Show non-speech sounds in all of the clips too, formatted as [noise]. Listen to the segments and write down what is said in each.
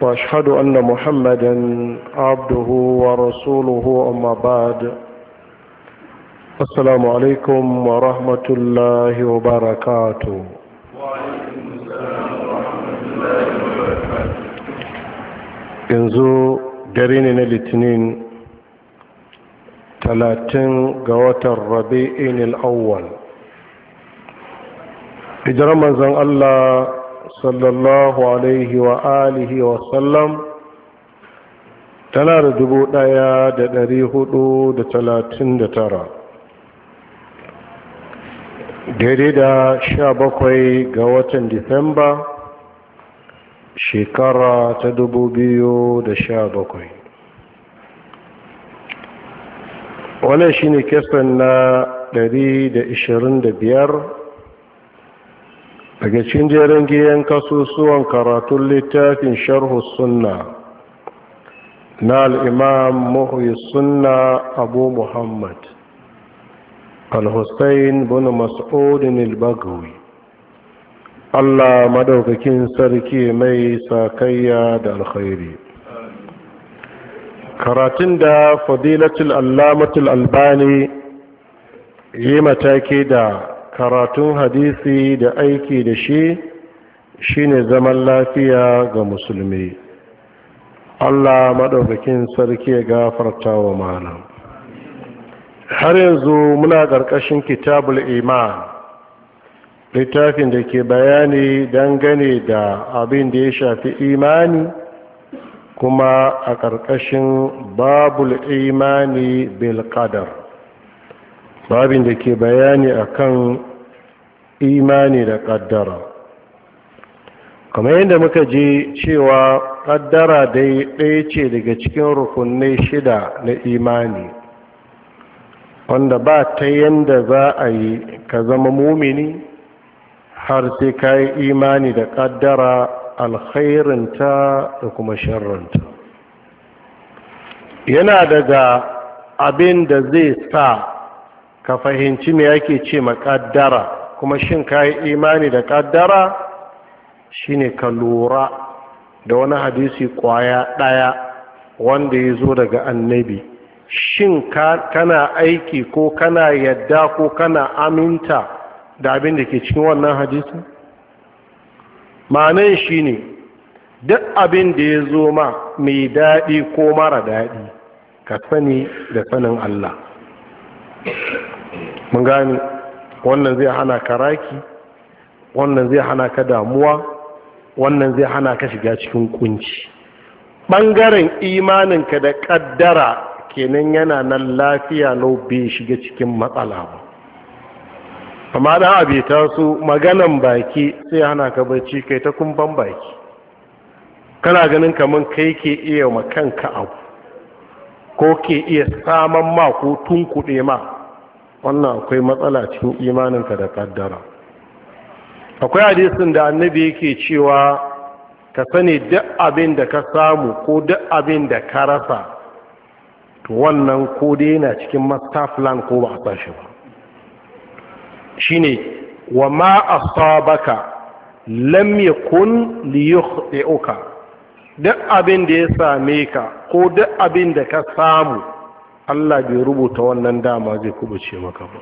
واشهد ان محمدا عبده ورسوله اما بعد السلام عليكم ورحمه الله وبركاته وعليكم السلام ورحمه الله وبركاته yanzu dare الاثنين na litinin talatin الأول watan rabi'in الله صلى الله عليه وآله وسلم tana da dubu ɗaya da ɗari hudu da talatin da tara daidai da sha bakwai ga watan disamba shekara ta dubu biyu da sha bakwai wannan shine kesan na ɗari da ishirin da biyar daga cikin jerin giyan kasusuwan karatun littafin sharhu sunna na al'imam muhyi sunna abu muhammad al-hussein bin mas'udin al-bagawi allah madaukakin sarki mai sakayya da alkhairi karatun da fadilatul allamatul albani yi mataki da karatun hadisi da aiki da shi shine zaman lafiya ga musulmi Allah maɗaukakin sarki ya gafarta wa malam har yanzu muna ƙarƙashin kitabul iman littafin da ke bayani dangane da abin da ya shafi imani kuma a ƙarƙashin babul imani bil qadar babin da ke bayani akan imani da ƙaddara kamar yadda muka je cewa ƙaddara dai ɗaya ce daga cikin rukunai shida na imani wanda ba ta yadda za a yi ka zama mumini har sai ka yi imani da ƙaddara alkhairinta da kuma sharrinta yana daga abin da zai sa ka fahimci me yake ce maƙaddara kuma shin ka yi imani da kaddara ne ka lura da wani hadisi kwaya ɗaya wanda ya zo daga annabi shin kana aiki ko kana yadda ko kana aminta da abin da ke cikin wannan hadisi shi ne duk abin da ya zo ma mai daɗi ko mara daɗi ka sani da sanin Allah mun gani wannan zai hana ka raki wannan zai hana ka damuwa wannan zai hana ka shiga cikin kunci ɓangaren imaninka da ƙaddara kenan yana nan lafiya lau bai shiga cikin matsala ba amma ɗan abu ta su maganan baki sai hana ka bacci kai ta kumban baki kana ganin kamar kai ke iya kanka abu ko ke iya saman ma ko tunkuɗe ma wannan akwai matsala cikin imaninka da kaddara akwai hadisin da annabi yake cewa ka sani duk abin da ka samu ko duk abin da ka rasa to wannan ko dai yana cikin master plan ko ba a shi ba shine wa ma asabaka lam yakun liyukhti'uka duk abin da ya same ka ko duk abin da ka samu Allah bai rubuta wannan dama zai kubuce maka ba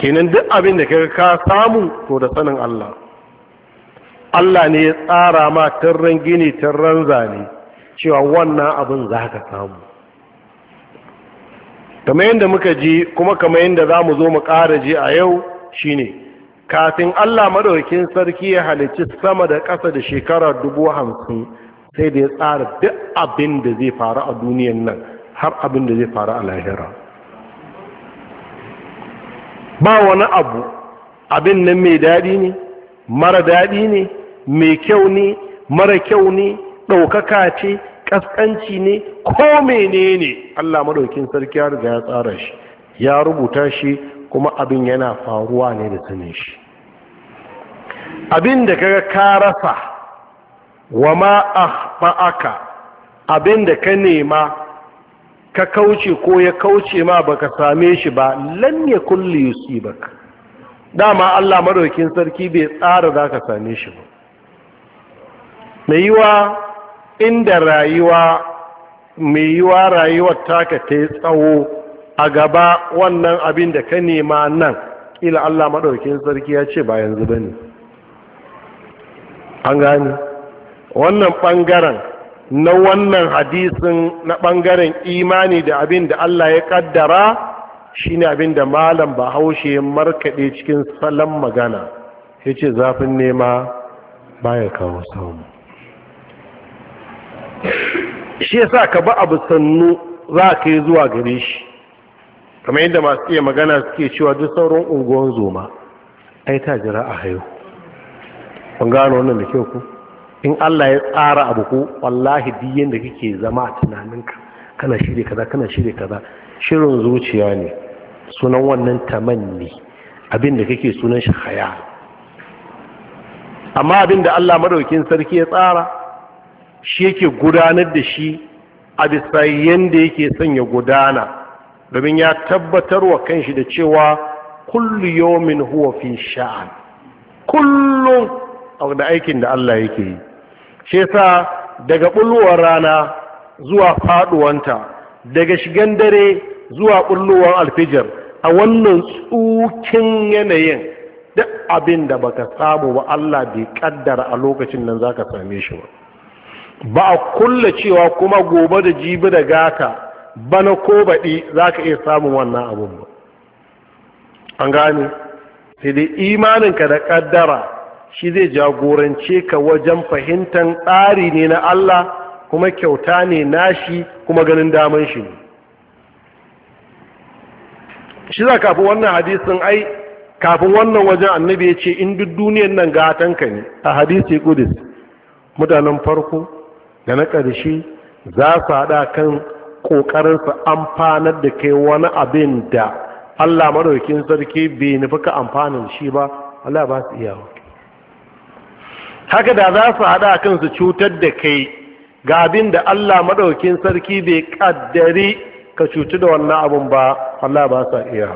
kenan duk abin da kaga ka samu to da sanin Allah Allah ne ya tsara ma tarran gini tarran zane cewa wannan abin za ka samu kamar yadda muka ji kuma kamar yadda za mu zo mu ƙara ji a yau shine kafin Allah madaukakin sarki ya halicci sama da ƙasa da shekara dubu hamsin sai da ya tsara duk abin da zai faru a duniyan nan har abin da zai faru a lahira ba wani abu abin nan mai daɗi ne mara daɗi ne mai kyau ne mara kyau ne ɗaukaka ce ƙasƙanci ne ko mene ne allah maɗaukin sarki har riga ya tsara shi ya rubuta shi kuma abin yana faruwa ne da sanin shi abin da kaga ka rasa wa ma abin da ka nema ka kauce ko ya kauce ma baka same shi ba lan ya kulli yusibak dama Allah madaukin sarki bai tsara zaka same shi ba maiwa inda rayuwa mai rayuwar taka ta yi tsawo a gaba wannan abin da ka nema nan ƙila Allah madaukin sarki ya ce ba yanzu bane an gani wannan bangaren na wannan hadisin na ɓangaren imani da abin da Allah ya ƙaddara shi ne abin da malam bahaushe ya markaɗe cikin salon magana ya ce zafin nema ba ya kawo samu shi ya sa ka ba abu sannu za ka yi zuwa gare shi kamar yadda masu iya magana suke cewa duk sauran unguwan zoma ai ta jira a haihu ban gano wannan da kyau ku in Allah ya tsara abu ko wallahi duk yanda kake zama a tunaninka kana shirye kaza kana shirye kaza shirin zuciya ne sunan wannan tamanni abin da kake sunan shi haya amma abin da Allah madaukin sarki ya tsara shi yake gudanar da shi a bisa yanda yake son ya gudana domin ya tabbatar wa kanshi da cewa kullu yawmin huwa fi sha'an kullum da aikin da Allah yake yi shi yasa daga bullowar rana zuwa faɗuwanta, daga shigan dare zuwa bullowar alfijir a wannan tsukin yanayin duk abin da baka samu ba Allah bai kaddara a lokacin nan zaka same shi ba ba a kulla cewa kuma gobe da jibi da gata bana ko baɗi zaka iya samun wannan abun ba an gane sai dai imaninka da kaddara shi zai jagorance ka wajen fahimtar tsari ne na Allah kuma kyauta ne nashi kuma ganin daman shi ne shi za kafin wannan hadisin ai kafin wannan wajen annabi ya ce in duk duniyan nan gatanka ne a hadisi kudis mutanen farko da na ƙarshe za su haɗa kan ƙoƙarinsu amfanar da kai wani abin da Allah maɗaukin sarki bai nufi ka amfanin shi ba Allah ba su iyawa haka da za su haɗa kan su cutar da kai ga abin da Allah maɗaukin sarki bai ƙaddari ka cutu da wannan abin ba Allah ba sa iya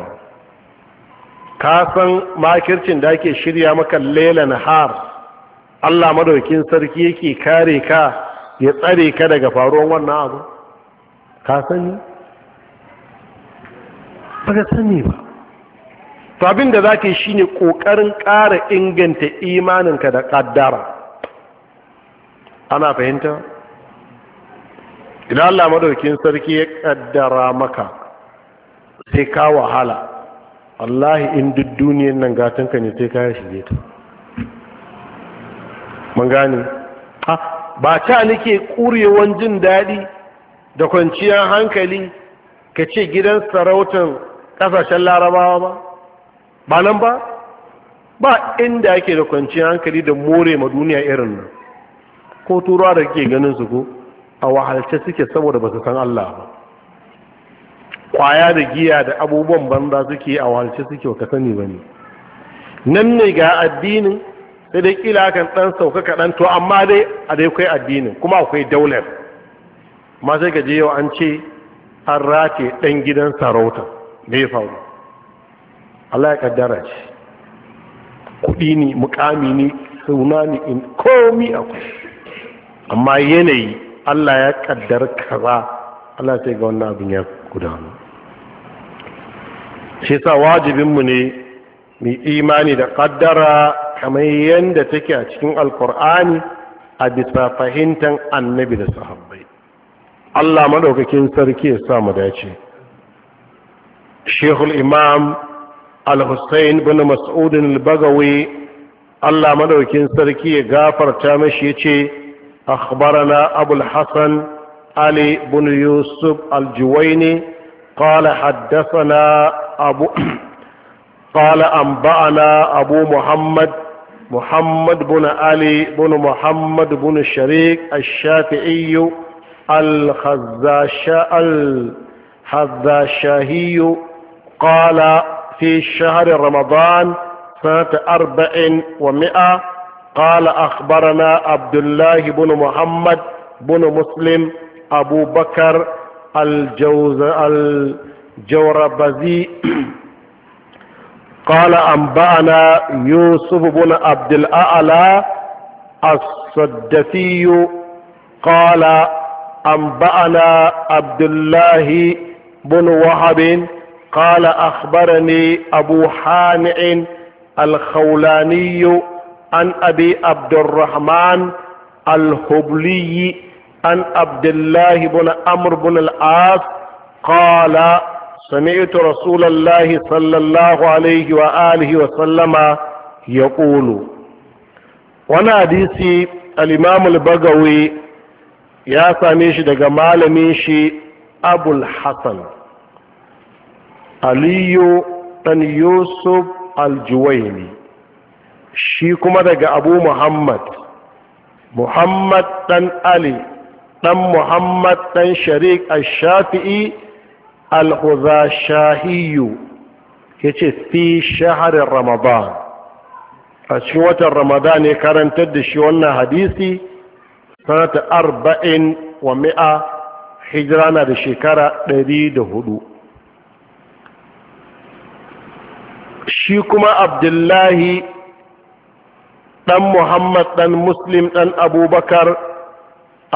ka san makircin da ake shirya maka lela har Allah maɗaukin sarki yake kare ka ya tsare ka daga faruwan wannan abu ka sani ba ka sani ba to abin da za ka yi ne ƙoƙarin ƙara inganta imaninka da ƙaddara ana fahimta idan Allah madaukin sarki ya ƙaddara maka sai ka wahala wallahi in duk duniyan nan gatanka ne sai ka shige ta mun gane ba ta nake ƙurewan jin daɗi da kwanciyar hankali ka ce gidan sarautar ƙasashen larabawa ba ba nan ba ba inda ake da kwanciyar hankali da more ma duniya irin nan ko turawa da ke ganin su ko a wahalce suke saboda ba su san Allah ba kwaya da giya da abubuwan banza suke a wahalce suke wa ka sani ba ne nan ne ga addinin sai dai kila kan dan sauka kaɗan to amma dai a dai akwai addinin kuma akwai daular ma sai ka je yau an ce an rataye ɗan gidan sarauta me ya faru Allah ya kaddara shi kudi ne mukami ne suna ne in komi akwai amma yanayi Allah ya kaddara kaza Allah sai ga wannan abin ya gudanu shi sa wajibinmu ne mai imani da kaddara kamar yadda take a cikin alkur'ani a bisa fahimtar annabi da sahabbai Allah maɗaukakin sarki ya sa mu dace shehul imam al-hussein bin mas'udin bagawi Allah madaukin sarki ya gafarta mishi yace akhbarana abul hasan ali bin yusuf al-juwayni qala haddathana abu [clears throat] qala anba'ana abu muhammad muhammad bin ali bin muhammad bin shariq ash-shafi'i al-khazzashi في شهر رمضان سنة أربع ومئة قال أخبرنا عبد الله بن محمد بن مسلم أبو بكر الجوز الجوربزي [clears throat] قال أنبأنا يوسف بن عبد الأعلى الصدفي قال أنبأنا عبد الله بن وهب قال أخبرني أبو حامع الخولاني عن أبي عبد الرحمن الهبلي عن عبد الله بن عمرو بن العاص قال سمعت رسول الله صلى الله عليه وآله وسلم يقول وانا حديثي الإمام البغوي يا سامي شي daga ابو الحسن aliyu ɗan yusuf aljuwaini shi kuma daga abu muhammad muhammad ɗan ali ɗan muhammad ɗan shariq al-shafi'i al-huzashahiyu ya ce fi shaharar ramadan a cikin watan ramadan ya karantar da shi wannan hadisi sanata arba'in wa mi'a hijira na da shekara ɗari da hudu shi kuma abdullahi ɗan muhammad ɗan muslim ɗan abubakar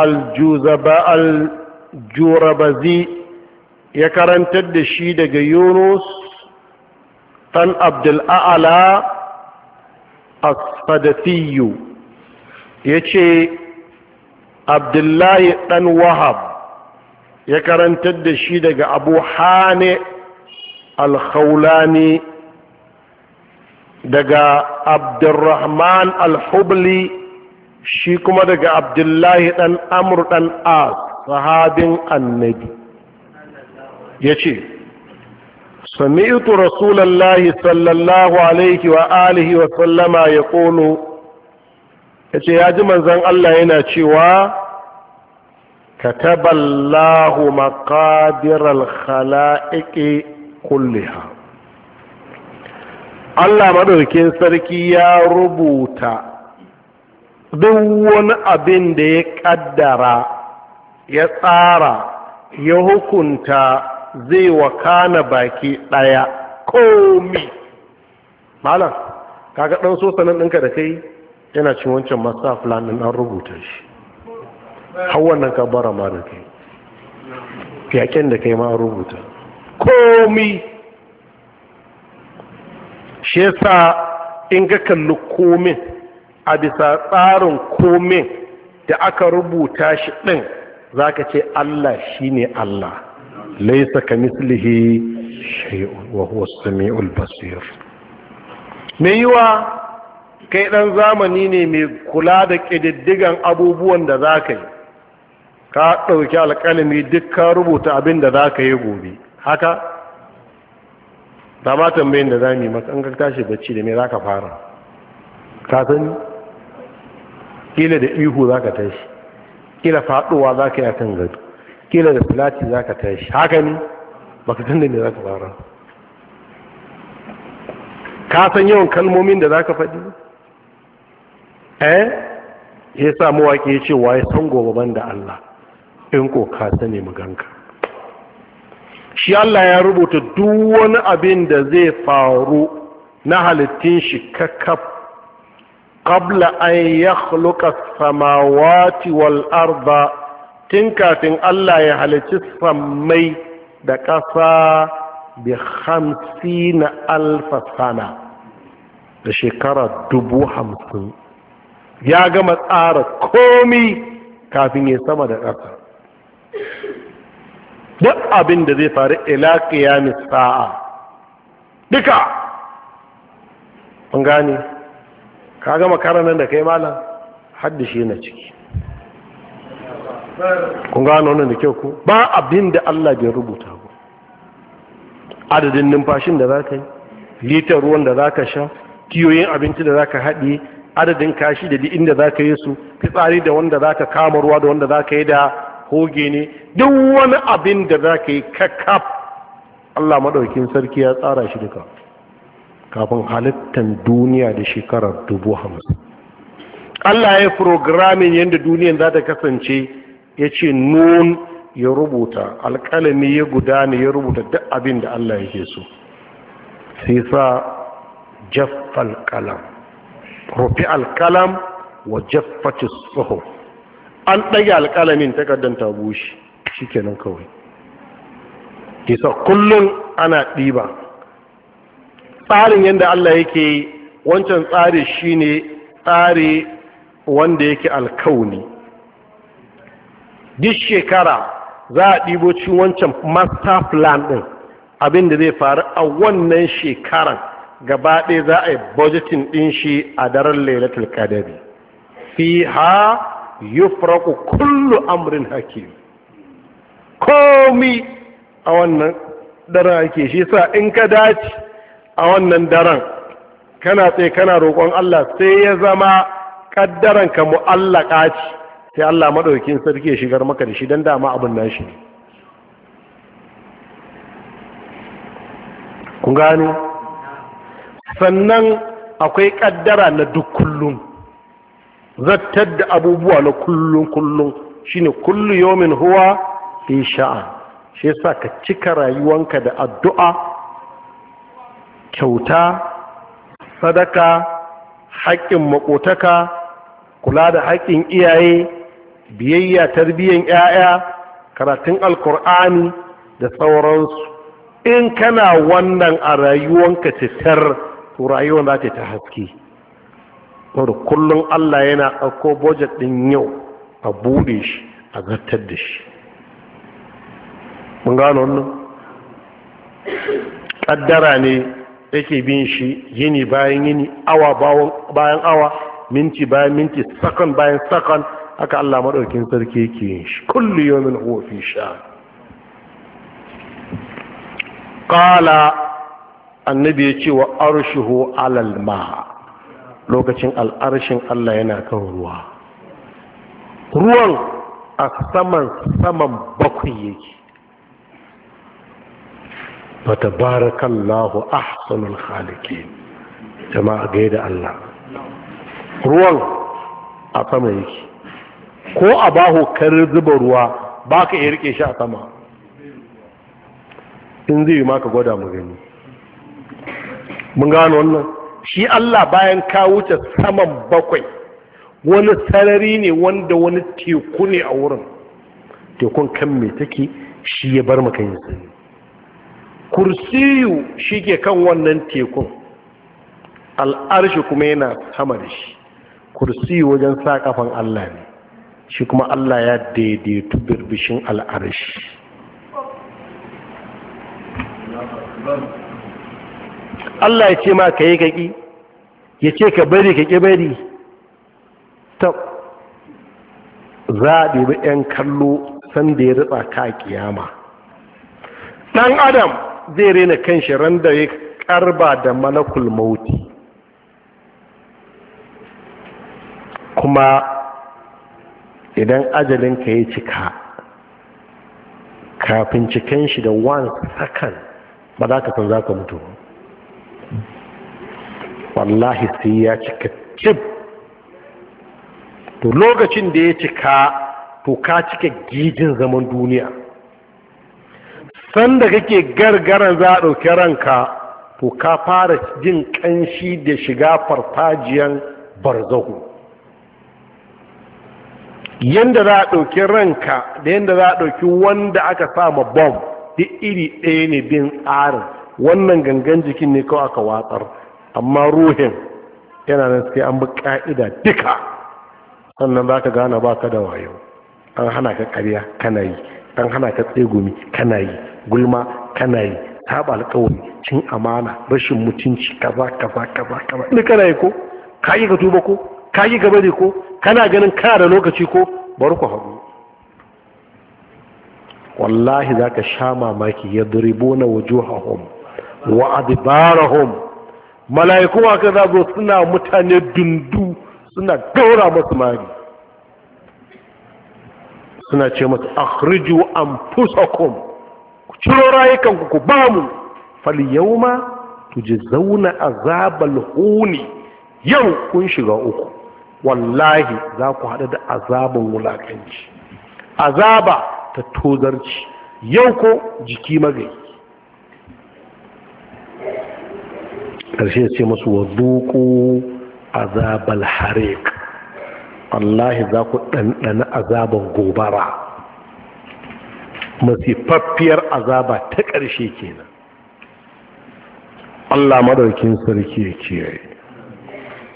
aljurabazi ya karantar da shi daga yunus ɗan abdul'a'ala asfadatiyu ya ce abdullahi ɗan wahab ya karantar da shi daga abu hane alkhaulani daga abdurrahman al-hubli shi kuma daga abdullahi dan amur dan as sahabin annabi ya ce sami'tu rasulallahi sallallahu alaihi wa alihi wa sallama ya kolo ya ce ya ji manzan Allah yana cewa kataballahu maqadiral khala'iqi kulliha Allah madaukin sarki ya rubuta duk wani abin da ya kaddara ya tsara ya hukunta zai wakana baki ɗaya komi malam kaga ɗan so sanin ɗinka da kai yana cin wancan masa fulanin an rubuta shi har wannan ka bara ma da kai fiyaken da kai ma an rubuta komi shi yasa in ga kalli komin a bisa tsarin komin da aka rubuta shi ɗin za ka ce Allah shi ne Allah laisa ka mislihi wa huwa samiul basir mai yiwa kai ɗan zamani ne mai kula da ƙididdigan abubuwan da za ka yi ka ɗauki alƙalami duk ka rubuta abin da za ka yi gobe haka ba ma tambayin da za mu yi maka an ka tashi bacci da me za ka fara ka sani kila da ihu za ka tashi kila faduwa za ka yi a kan gado kila da filati za ka tashi haka ne ba ka san da me za ka fara ka san yawan kalmomin da za ka faɗi eh ya sa mawaƙi ya ce ya san gobe ban da Allah in ko ka sani mu ganka shi Allah ya rubuta duk wani abin da zai faru na halittin shi kakaf qabla an yakhluqa samawati wal arda tun kafin Allah ya halicci sammai da ƙasa bi hamsina alfa sana da shekara dubu hamsin ya gama tsara komi kafin ya sama da ƙasa duk abin da zai faru ila qiyamis sa'a duka mun gane ka gama karanan da kai malam shi na ciki kun gano wannan da kyau ku ba abin da Allah bai rubuta ku adadin numfashin da za ka yi litar ruwan da za ka sha kiyoyin abinci da za ka haɗe adadin kashi da inda za ka yi su fitsari da wanda za ka kama ruwa da wanda za ka yi da hoge ne duk wani abin da za ka yi kakaf Allah maɗaukin sarki ya tsara shi duka kafin halittar duniya da shekarar dubu hamsin Allah ya yi programin yadda duniyan za ta kasance ya ce nun ya rubuta alƙalami ya gudana ya rubuta duk abin da Allah yake so sai sa jaffal kalam rufi alkalam wa jaffatis tsohon an ɗage alƙalamin takardar ta bushe shi kenan kawai kisa kullum ana ɗiba tsarin yadda Allah yake wancan tsari shine tsari wanda yake alkauni duk shekara za a ɗibo cin wancan master plan ɗin abin da zai faru a wannan shekaran gaba ɗaya za a yi budgeting ɗin shi a daren lailatul kadari fi ha yufraku kullu amrin hakim komi a wannan daren ake shi sa in ka dace a wannan daren kana tsaye kana roƙon Allah sai ya zama kaddaran ka mu'allaka ce sai Allah maɗaukin sarki ya shigar maka da shi dan dama abin nashi ne kun gano sannan akwai ƙaddara na duk kullum zattar da abubuwa na kullum kullum shine kullu yomin huwa fi sha'a. shi yasa ka cika rayuwanka da addu'a kyauta sadaka haƙƙin maƙotaka, kula da haƙƙin iyaye biyayya tarbiyyar 'ya'ya karatun alkur'ani da sauransu in kana wannan a rayuwanka titar to rayuwan za ta haske wadda kullum allah yana ɗauko budget ɗin yau a buɗe shi a gartar da shi mun gano wannan ƙaddara ne yake bin shi yini bayan yini awa bayan awa minti bayan minti sakan bayan sakan haka allah maɗaukin sarki yake yin shi yau min hofi sha ƙala annabi ya ce wa arshihu alal ma lokacin al'arshin Allah yana kan ruwa ruwan a saman saman bakwai yake ba ta barakallahu ahsanul khaliki jama'a da Allah ruwan a sama yake ko a baho karin zuba ruwa ba ka iya rike shi a sama in zai yi maka gwada mu gani mun gano wannan shi Allah bayan ka wuce saman bakwai wani sarari ne wanda wani teku ne a wurin tekun kan mai take shi ya bar maka yin sani kursiyu shi ke kan wannan tekun al'arshi kuma yana sama da shi kursiyu wajen sa Allah ne shi kuma Allah ya daidaitu birbishin al'arshi Allah ya ce ma ka yi kaƙi ya ce ka bari ka ƙi bari ta za a 'yan kallo sanda ya ritsa ka ƙiyama. ɗan adam zai rena kan shi da ya karba da malakul mauti kuma idan ajalin ka ya cika kafin cikin shi da wani sakan ba za ka san za ka mutu ba wallahi sai ya cika cib to lokacin da ya cika to ka cika gijin zaman duniya sanda kake gargara za a ɗauki ranka to ka fara jin ƙanshi da shiga farfajiyan barzahu yadda za a ɗauki ranka da yadda za a ɗauki wanda aka sama bom duk iri ɗaya ne bin tsarin wannan gangan jikin ne kawai aka watsar amma ruhin yana nan sai an bi ka'ida duka sannan za ka gane ba ka da wayo an hana ka karya kana yi an hana ka tsegumi kana yi gulma kana yi saba alkawari cin amana rashin mutunci kaza kaza kaza kaza ni kana yi ko ka yi ka tuba ko ka yi gaba ne ko kana ganin kana da lokaci ko bari ku hagu wallahi za ka sha mamaki ya duribo na wajuhahum wa adibarahum mala'iku aka zazo suna mutane dundu suna daura masu mari suna ce masu akhriju anfusakum ku ciro rayukanku ku ba mu fal zauna tujzauna azabal huni yau kun shiga uku wallahi za ku haɗu da azabin wulakanci azaba ta tozarci yau ko jiki magai ƙarshe ce musu wa zuku azabal harik wallahi za ku ɗanɗana azaban gobara masifaffiyar azaba ta ƙarshe kenan Allah madaukin sarki ya kiyaye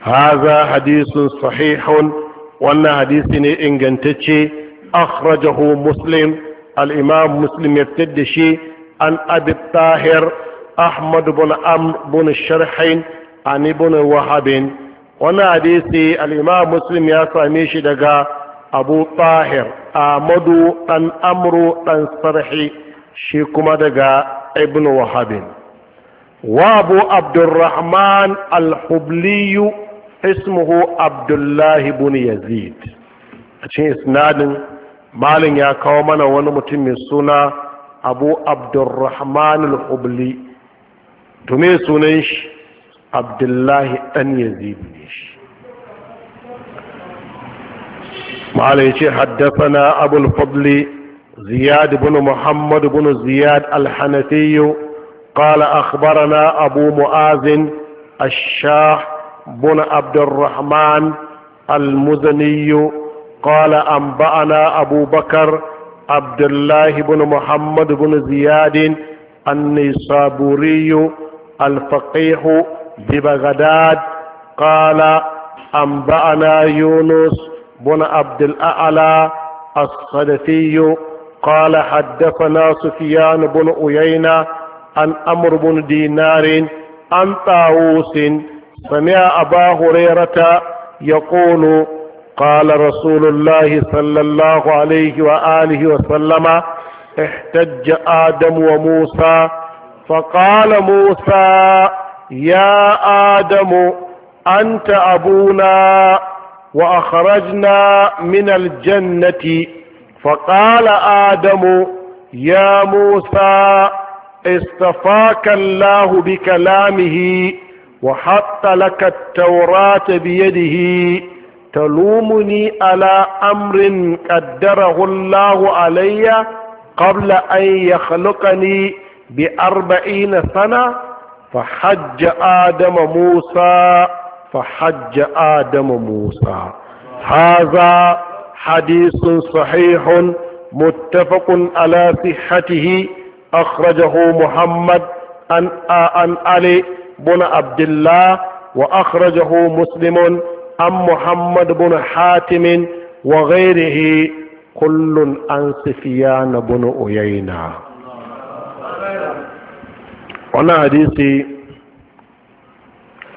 haza hadisun sahihun wannan hadisi ne ingantacce akhrajahu muslim al-imam muslim ya fitar da shi an abi tahir ahmad bin am bin sharhain an ibn wahabin wannan hadisi al-imam muslim ya same shi daga abu tahir amadu dan amru dan sarhi shi kuma daga ibn wahabin wabu abu abdurrahman al-hubli ismuhu abdullah ibn yazid a cikin isnadin malin ya kawo mana wani mutum mai suna abu abdurrahman al-hubli to me sunan shi abdullahi dan yazid ne shi ma'ala ya ce haddafana abul fadli ziyad ibn muhammad ibn ziyad al-hanafi قال أخبرنا أبو معاذ الشاه بن عبد الرحمن المزني قال أنبأنا أبو بكر عبد الله بن محمد بن زياد النيسابوري الفقيه ببغداد قال أنبأنا يونس بن عبد الأعلى الصدفي قال حدثنا سفيان بن عيينة عن أمر بن دينار عن طاووس سمع أبا هريرة يقول قال رسول الله صلى الله عليه وآله وسلم احتج آدم وموسى فقال موسى يا آدم أنت أبونا وأخرجنا من الجنة فقال آدم يا موسى استفاك الله بكلامه وحط لك التوراة بيده تلومني على أمر قدره الله علي قبل أن يخلقني بأربعين سنة فحج آدم موسى فحج آدم موسى هذا حديث صحيح متفق على صحته أخرجه محمد أن أن علي بن عبد الله وأخرجه مسلم أن محمد بن حاتم وغيره كل عن سفيان بن أُيَيْنَةَ wannan hadisi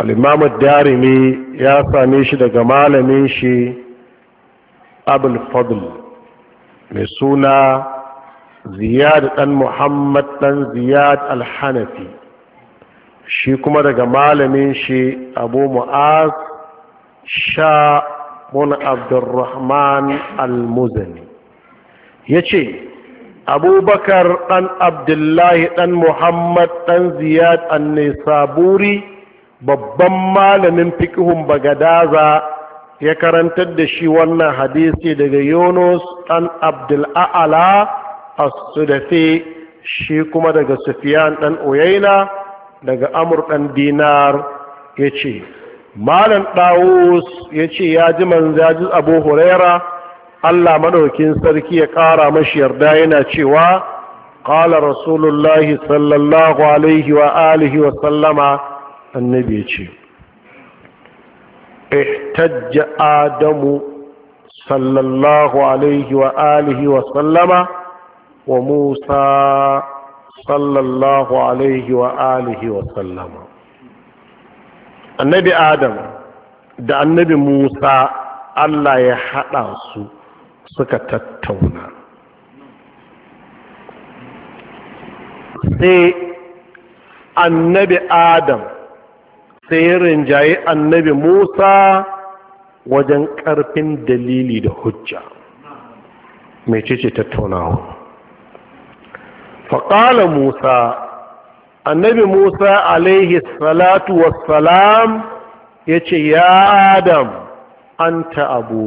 al'imamu darimi ya same shi daga malamin shi abul fadl mai suna ziyad dan muhammad dan ziyad al-hanafi shi kuma daga malamin shi abu mu'az sha mun abdurrahman al-muzani ya ce abubakar ɗan abdullahi ɗan muhammad ɗan ziyad annai saburi babban malamin fikihun bagadaza ya karantar da shi wannan hadisi daga yunus ɗan abdul'a'ala a sudafe shi kuma daga sufiyan ɗan oyaina daga amur ɗan dinar ya ce malam ɗawus ya ce ya ji manzajin abu huraira Allah madaukin sarki ya ƙara mashi yarda yana cewa ƙala rasulullahi sallallahu alaihi wa alihi wa sallama annabi ce ihtajja adamu sallallahu alaihi wa alihi wa sallama wa musa sallallahu alaihi wa alihi wa sallama annabi adam da annabi musa Allah ya haɗa su suka tattauna sai annabi adam sai rinjaye annabi musa wajen ƙarfin dalili da hujja mai cece tattaunawa faƙala musa annabi musa alaihi salatu wassalam ya ce ya adam an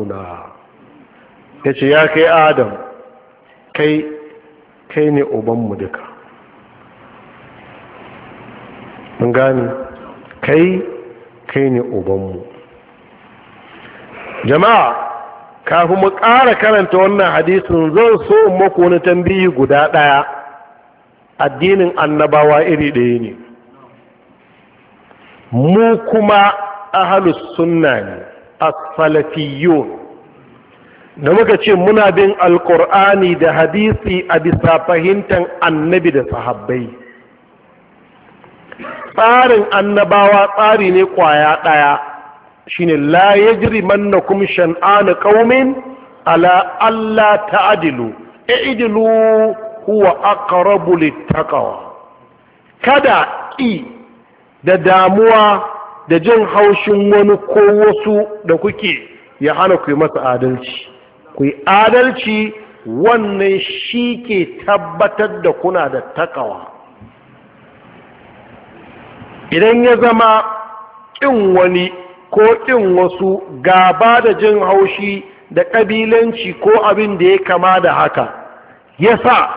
na. ya ce ya kai adam kai kai ne ubanmu duka mun gani kai kai ne ubanmu jama'a kafin mu ƙara karanta wannan hadisin zan so maku wani tambayi guda ɗaya addinin annabawa iri ɗaya ne mu kuma ahalus sunna ne asfalafiyun da muka ce muna bin alkur'ani da hadisi a bisa fahimtar annabi da sahabbai tsarin annabawa tsari ne kwaya ɗaya shine la yajri mannakum shan'anu qaumin ala alla ta'dilu i'dilu huwa aqrabu littaqwa kada ƙi da damuwa da jin haushin wani ko wasu da kuke ya hana ku yi masa adalci ku yi adalci wannan shi ke tabbatar da kuna da takawa idan ya zama ƙin wani ko ƙin wasu gaba da jin haushi da ƙabilanci ko abin da ya kama da haka ya sa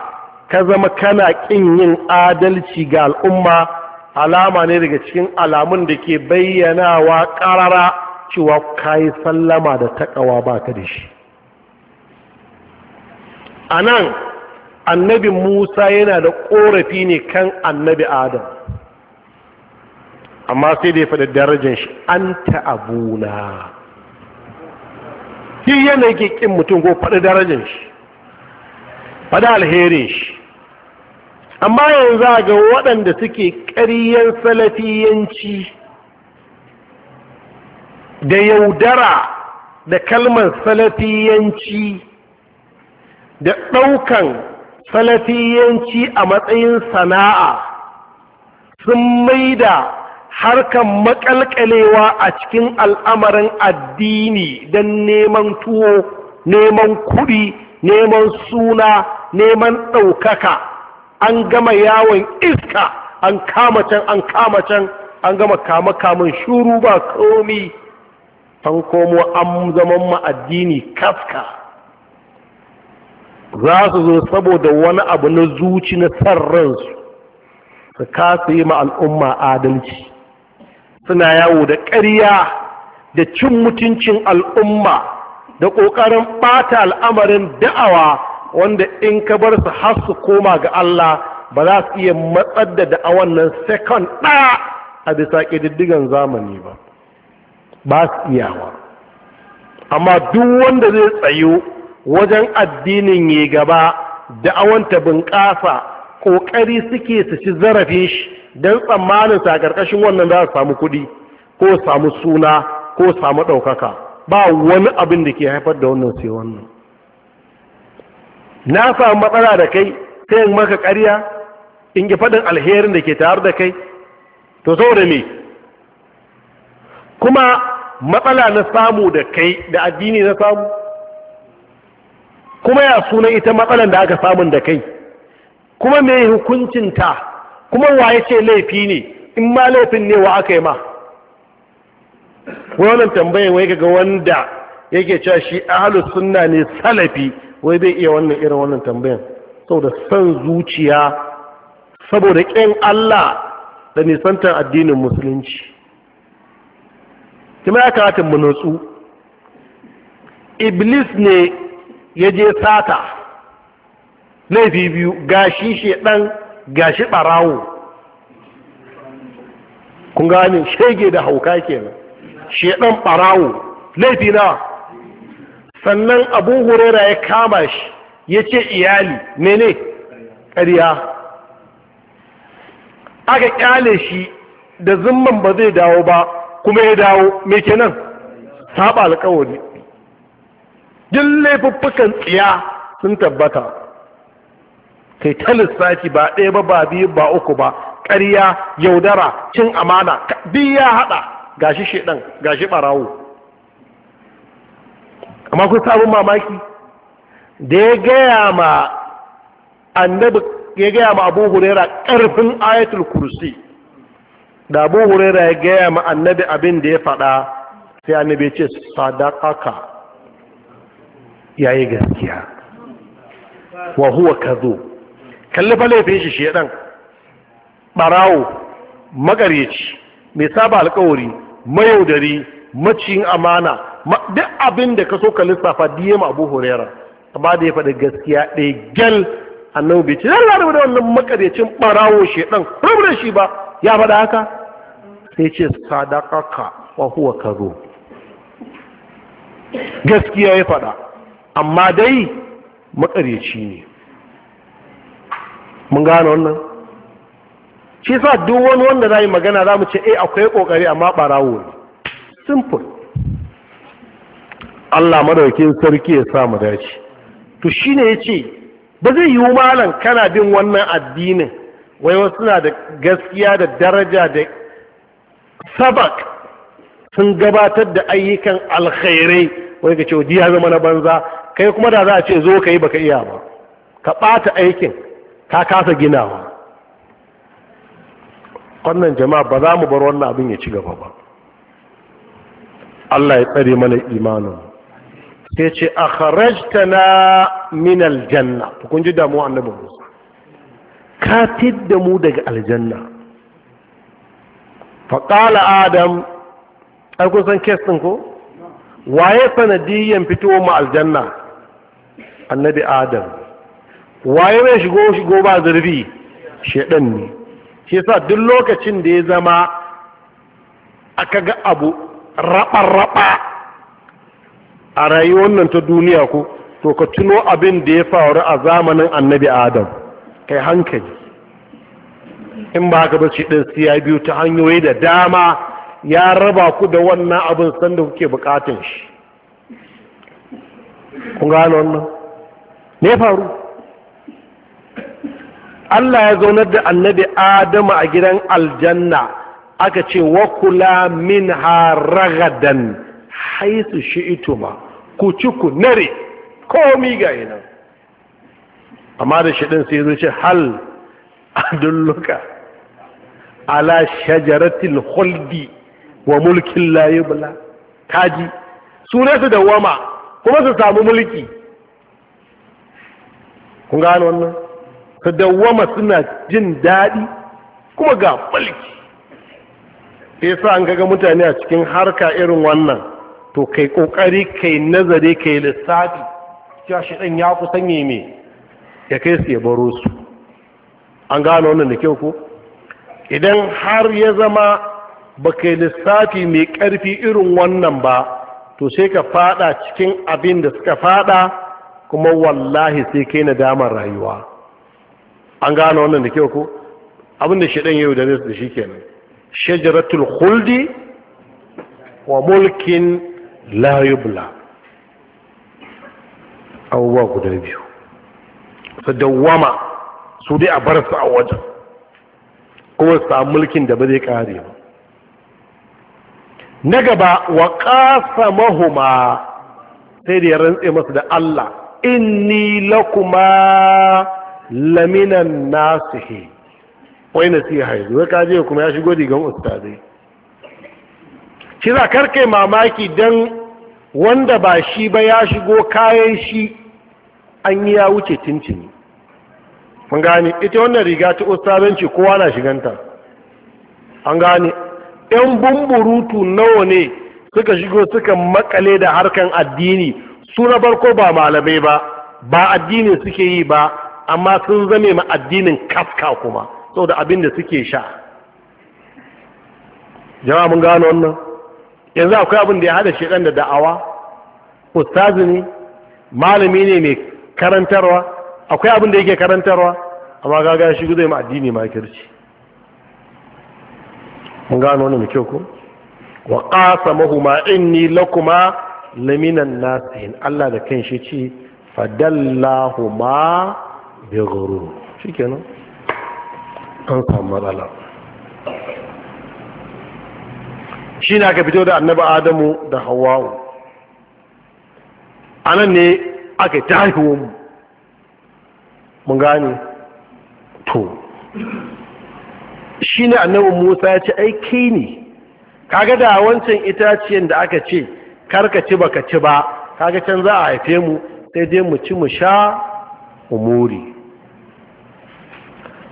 ka zama kana ƙin yin adalci ga al'umma alama ne daga cikin alamun da ke bayyanawa ƙarara cewa ka yi sallama da taƙawa ba ka da shi a nan annabi musa yana da ƙorafi ne kan annabi adam amma sai da ya faɗi darajar shi an ta'abuna shi yana yake ƙin mutum ko faɗi darajar shi faɗi alherin shi amma yanzu ga waɗanda suke ƙaryen salafiyanci da yaudara da kalmar salafiyanci da ɗaukan salafiyanci a matsayin sana'a sun maida harkan makalkalewa a cikin al'amarin addini don neman tuwo neman kuɗi neman suna neman ɗaukaka an gama yawon iska an kama can an kama can an gama kama kamun shuru ba komi an komo an zaman ma'addini addini za su zo saboda wani abu na zuci na san ransu su kasa yi ma al'umma adalci suna yawo da ƙarya da cin mutuncin al'umma da ƙoƙarin ɓata al'amarin da'awa wanda in ka bar su har su koma ga Allah ba za su iya matsar da da'awan nan sekon ɗaya a bisa ƙididdigan zamani ba ba su iyawa amma duk wanda zai tsayo wajen addinin ya gaba da awanta bunƙasa ƙoƙari suke su ci zarafin shi don tsammanin sa ƙarƙashin wannan za su samu kuɗi ko samu suna ko samu ɗaukaka ba wani abin da ke haifar da wannan sai wannan na samu matsala da kai sai yin maka ƙarya in ki faɗin alherin da ke tare da kai to da me kuma matsala na samu da kai da addini na samu kuma ya sunan ita matsalar da aka samun da kai kuma me hukuncinta kuma wa ce laifi ne in ma laifin ne wa aka yi ma wani tambaye wai ga wanda yake cewa shi ahalus sunna ne salafi wai bai iya wannan irin wannan tambayan saboda san zuciya saboda ƙin Allah da nisantar addinin musulunci kuma ya kamata mu nutsu iblis ne ya je sata laifi biyu gashi shedan gashi barawo kun gane shege da hauka kenan shedan barawo laifi na sannan abu hurera ya kama shi ya ce iyali ne ne, ƙarya aka ƙyale shi da zumman ba zai dawo ba kuma ya dawo mai kenan saba alkawari duk laifuffukan tsiya sun tabbata kai ta lissafi ba ɗaya ba ba biyu ba uku ba ƙarya yaudara cin amana duk ya haɗa gashi shedan gashi ɓarawo amma kun sabon mamaki da ya gaya ma annabi ya gaya ma abu hurera ƙarfin ayatul kursi da abu hurera ya gaya ma annabi abin da ya faɗa sai annabi ce sadakaka ya yi gaskiya wa huwa kazo kalli fa laifin shi shi shedan barawo magareci mai saba alkawari mayaudari maciyin amana duk abin da ka so ka lissafa diyem abu horera amma da ya faɗi gaskiya ɗaya gyal annabi bai ce zan larabu da wannan makarecin barawo shi rabu da shi ba ya faɗa haka sai ce sadakaka wa huwa kazo gaskiya ya faɗa amma dai makareci ne mun gane wannan shi sa duk wani wanda za yi magana za mu ce eh akwai kokari amma barawo ne simple Allah madaukin sarki ya sa mu dace to shine yace ba zai yiwu malam kana bin wannan addinin wai wasu na da gaskiya da daraja da sabak sun gabatar da ayyukan alkhairai wai ka ce ya zama na banza kai kuma da za a ce zo ka yi baka iya ba ka ɓata aikin ka kasa ginawa wannan jama'a ba za mu bar wannan abin ya ci gaba ba Allah ya tsare mana imanin sai ce a kharajta na min aljanna kun ji damuwa annabi Musa ka fidda mu daga aljanna faƙala adam ai kun san kes ɗin ko waye sanadiyyan fito ma aljanna annabi adam waye mai shigo shigo ba zarbi shedan ne shi yasa duk lokacin da ya zama aka ga abu raba-raba a rayuwar nan ta duniya ko to ka tuno abin da ya faru a zamanin annabi adam kai hankali in ba ka bace ɗin siya biyu ta hanyoyi da dama ya raba ku da wannan abin sanda kuke bukatun shi kun gano wannan ne faru Allah ya zaunar da annabi adama a gidan aljanna aka ce wa kula min haragadan haisu shi'ituma ku ci ku nare komi ga nan amma da shiɗin sai zuci hal hal adulluka ala shajaratil khuldi wa mulkin la kaji su ne su kuma su samu mulki kun gano wannan su dawwama suna jin daɗi kuma ga mulki sai sa an gaga mutane a cikin harka irin wannan to kai kokari kai nazari kai lissafi cewa shi dan ya kusan yi me ya kai su ya baro su an gano wannan da kyau ko idan har ya zama ba kai lissafi mai ƙarfi irin wannan ba to sai ka fada cikin abin da suka fada kuma wallahi sai kai na damar rayuwa an gano wannan da kyau ko abinda shaɗan yau da da shi kenan shajaratul khuldi wa mulkin la yubla abubuwa guda biyu su dawwama su dai a bar su a wajen kuma su samu mulkin da ba zai kare ba na gaba wa ƙasa mahuma sai da ya rantse masa da Allah inni lakuma laminan nasihi wai nasiha yanzu wai kaje kuma ya shigo digan ustazai shi za karkai mamaki don wanda ba shi ba ya shigo kayan shi an yi ya wuce cincini mun gane ita wannan riga ta ustazanci kowa na shiganta an gane yan bumburutu nawa ne suka shigo suka makale da harkan addini su na farko ba malamai ba ba addini suke yi ba amma sun zame ma addinin kaska kuma saboda abin da suke sha jama'a mun gano wannan yanzu akwai abin da ya hada shekan da da'awa ustazi ne malami ne mai karantarwa akwai abin da yake karantarwa amma gaga shi guzai ma addini ma kirci mun gano wannan da kyau ko wa mahu ma'in inni lakuma laminan nasihin Allah da kan shi ce fadallahu ma bi ghurur shikenan an samu matsala shi ne aka fito da annabi adamu da hawa'u a nan ne aka tahiwo mu mun gane to shi ne annabi musa ya ce ai kai ne kaga da wancan itaciyar da aka ce karka ci baka ci ba kaga can za a haife mu sai dai mu ci mu sha umuri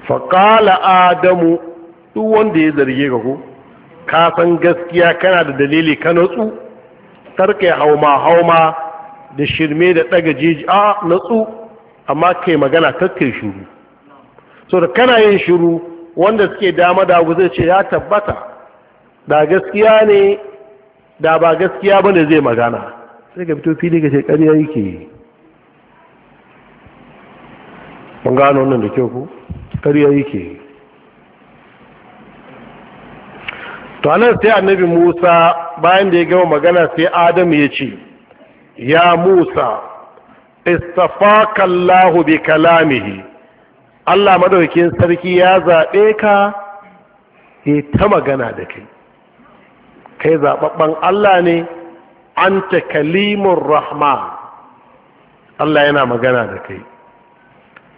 faƙala adamu duk wanda ya zarge ka ko ka san gaskiya kana da dalili ka natsu karka hauma hauma da shirme da ɗaga jiji a natsu amma kai magana kakkai shiru. so da kana yin shiru, wanda suke dama da abu ce ya tabbata da gaskiya ne da ba gaskiya ba ne zai magana sai ga fito fili ga shekari ya yake ban gano wannan da kyau ku ƙarya yake to anan sai annabi musa bayan da ya gama magana sai adam ya ce ya musa istafaka bi kalamihi allah madaukakin sarki ya zaɓe ka ya ta magana da kai kai zaɓaɓɓen Allah ne an ta kalimun rahma. Allah yana magana da kai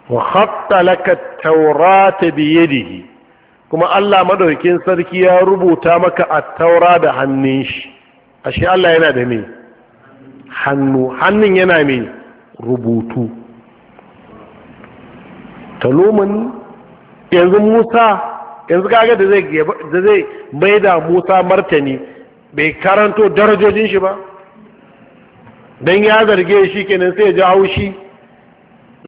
wa hatta laka taurata yi. kuma Allah maɗaukin sarki ya rubuta maka a taura da hannun shi ashe Allah yana da me hannu hannun yana me rubutu Talomin yanzu Musa yanzu kaga da zai da Musa martani bai karanto darajojin shi ba don ya zarge shi kenan sai haushi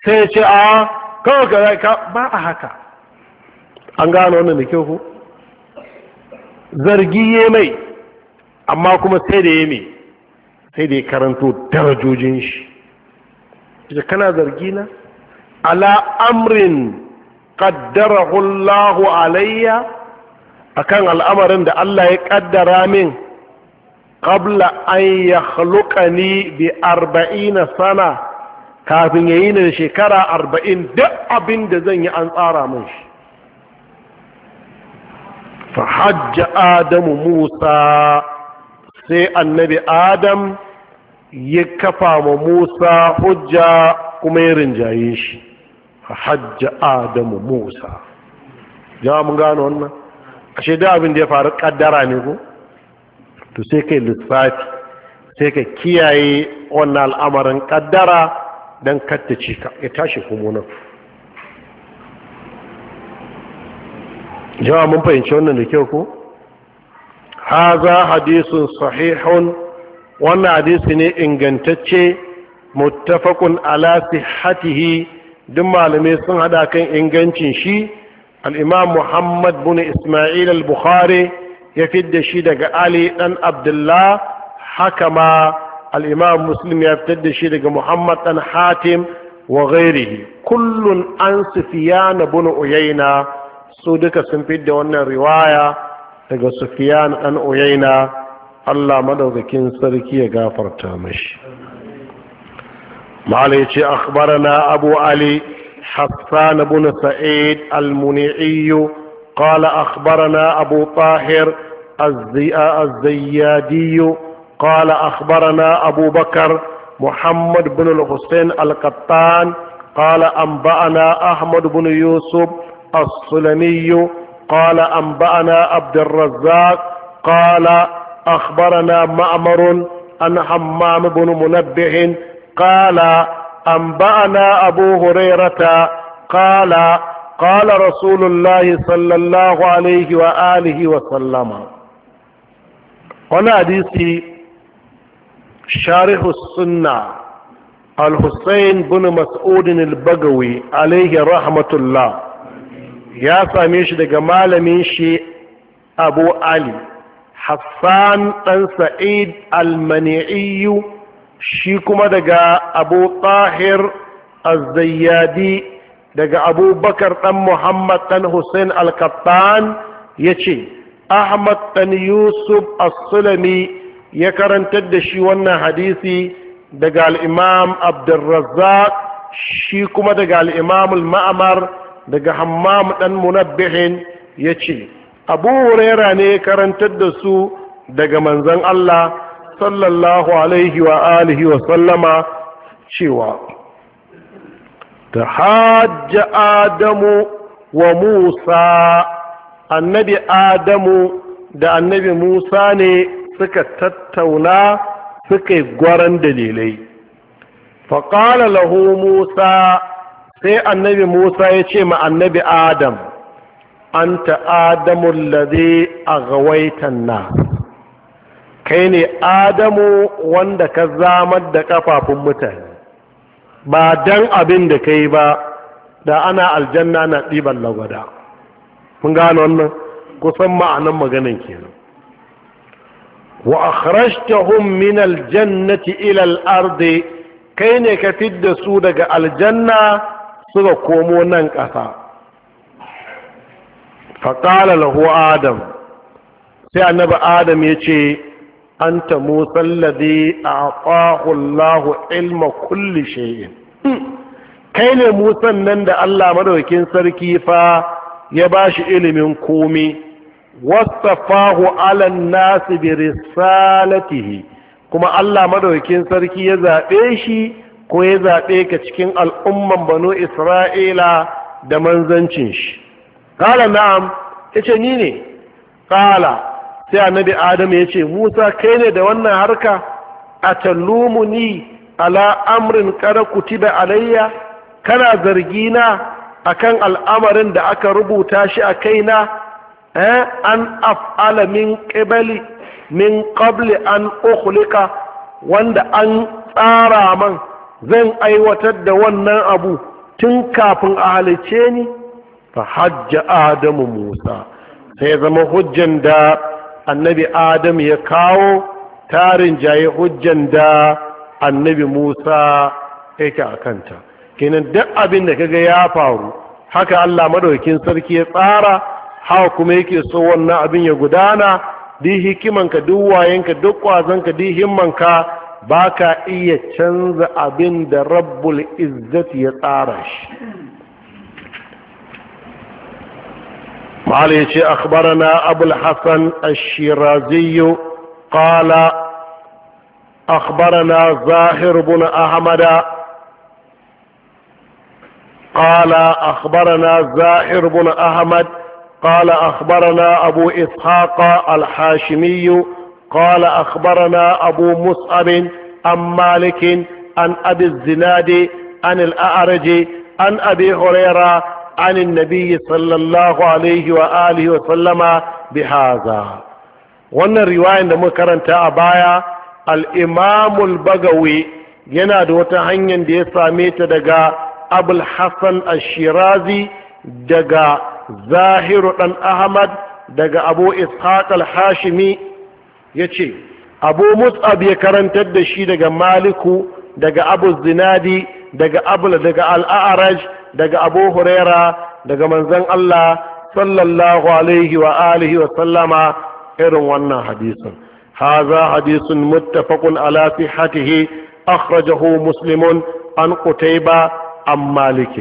sai ya ce a kawai ka ka ba a haka an gano wannan da kyau ku zargi ya mai amma kuma sai da ya mai sai da ya karanto darajojin shi ita kana zargi na ala amrin kaddara Allahu alayya akan al'amarin da Allah ya kaddara min قبل أن يخلقني بأربعين سنة كافين يين الشكرة أربعين دق أبن دزني أن أرى منش فحج آدم موسى سي النبي آدم يكفى موسى حج أمير جايش فحج آدم موسى جاء من قانون أشهد أبن دي فارق قدراني to sai kai lissafi sai ka kiyaye wannan al'amarin kaddara don kattace ka ya tashi kumunan jawa mun fahimci wannan da kyau ko za hadisun sahihun wannan hadisi ne ingantacce mutafakun ala hatihi duk malamai sun hada kan ingancin shi alimam Muhammad bin Isma'il al-Bukhari ya fidda shi daga ali ɗan abdullah haka ma al'imam muslim ya fitar da shi daga muhammad ɗan hatim wa gairihi kullun an sufiyana bin uyayna su duka sun fi da wannan riwaya daga sufiyana ɗan uyayna Allah madaukakin sarki ya gafarta mashi malai ce na abu ali hassan bin sa'id al muni'iyu قال أخبرنا أبو طاهر الزيادي قال أخبرنا أبو بكر محمد بن الحسين القطان قال أنبأنا أحمد بن يوسف السلمي قال أنبأنا عبد الرزاق قال أخبرنا مامر عن حمام بن منبه قال أنبأنا أبو هريرة قال قال رسول الله صلى الله عليه وآله وسلم قال حديثي شارح السنة الحسين بن مسعود البغوي عليه رحمة الله يا ساميش دقمال ميشي أبو علي حسان بن سعيد المنيعي شيكما دقا أبو طاهر الزيادي daga abubakar ɗan muhammad ɗan hussein al-kattan ya ce ahmad ɗan yusuf as-sulami ya karantar da shi wannan hadisi daga al'imam abdulrazzaq shi kuma daga al'imam al-ma'amar daga hammam ɗan munabbihin ya ce abu huraira ne karantar da su daga manzan allah sallallahu alaihi wa alihi wa sallama cewa ta hajja adamu wa musa annabi adamu da annabi musa ne suka tattauna suka yi gwaran dalilai faƙala lahu musa sai annabi musa ya ce ma annabi adam anta adamun lade a gawaitan na kai ne adamu wanda ka zamar da kafafun mutane ba dan abin da kai ba da ana aljanna na ɗiban lagwada mun gano wannan kusan ma'anan maganin kenan wa akhrajtahum min aljannati ila al kai ne ka fidda su daga aljanna suka komo nan ƙasa faƙala lahu adam sai annabi adam ya ce anta musa alladhi a'tahu Allahu ilma kulli shay'in kai ne musan nan da Allah maɗaukin sarki fa ya bashi ilimin komai wasafahu ala an-nas bi risalatihi kuma Allah maɗaukin sarki ya zaɓe shi ko ya zaɓe ka cikin al'umman banu Isra'ila da manzancin shi kala na'am yace ni ne kala sai annabi adam ya ce musa kai ne da wannan harka a tallumuni ala amrin kada kutiba alayya kana zargina akan al'amarin da aka rubuta shi a kai na? Eh, an af'ala min qibali min qabli an ukhliqa wanda an tsara man zan aiwatar da wannan abu tun kafin a halice ni fa hajja adamu musa sai zama hujjan da annabi adam ya kawo tarin jaye hujjan da annabi musa yake a kanta kenan duk abin da kaga ya faru haka allah madaukin sarki ya tsara hawa kuma yake so wannan abin ya gudana duk hikimanka duk wayenka duk kwazonka duk himmanka ba iya canza abin da rabbul izzat ya tsara shi قال يشي أخبرنا أبو الحسن الشيرازي قال أخبرنا زاهر بن أحمد قال أخبرنا زاهر بن أحمد قال أخبرنا أبو إسحاق الحاشمي قال أخبرنا أبو مصعب عن مالك عن أبي الزناد عن الأعرج عن أبي هريرة عن النبي صلى الله wannan riwayan da muka karanta a baya al'imamul bagawi yana da wata hanyar da ya same ta daga abul hassan ashirazi daga zahiru ɗan ahmad daga abu ishaq al-hashimi ya ce abu mus'ab ya karantar da shi daga maliku daga abu zinadi daga abula daga al'a'araj daga abu huraira daga manzan Allah sallallahu alaihi wa alihi wa sallama irin wannan hadisin haza hadisun muttafaqun ala sihhatihi akhrajahu muslimun an qutayba an malik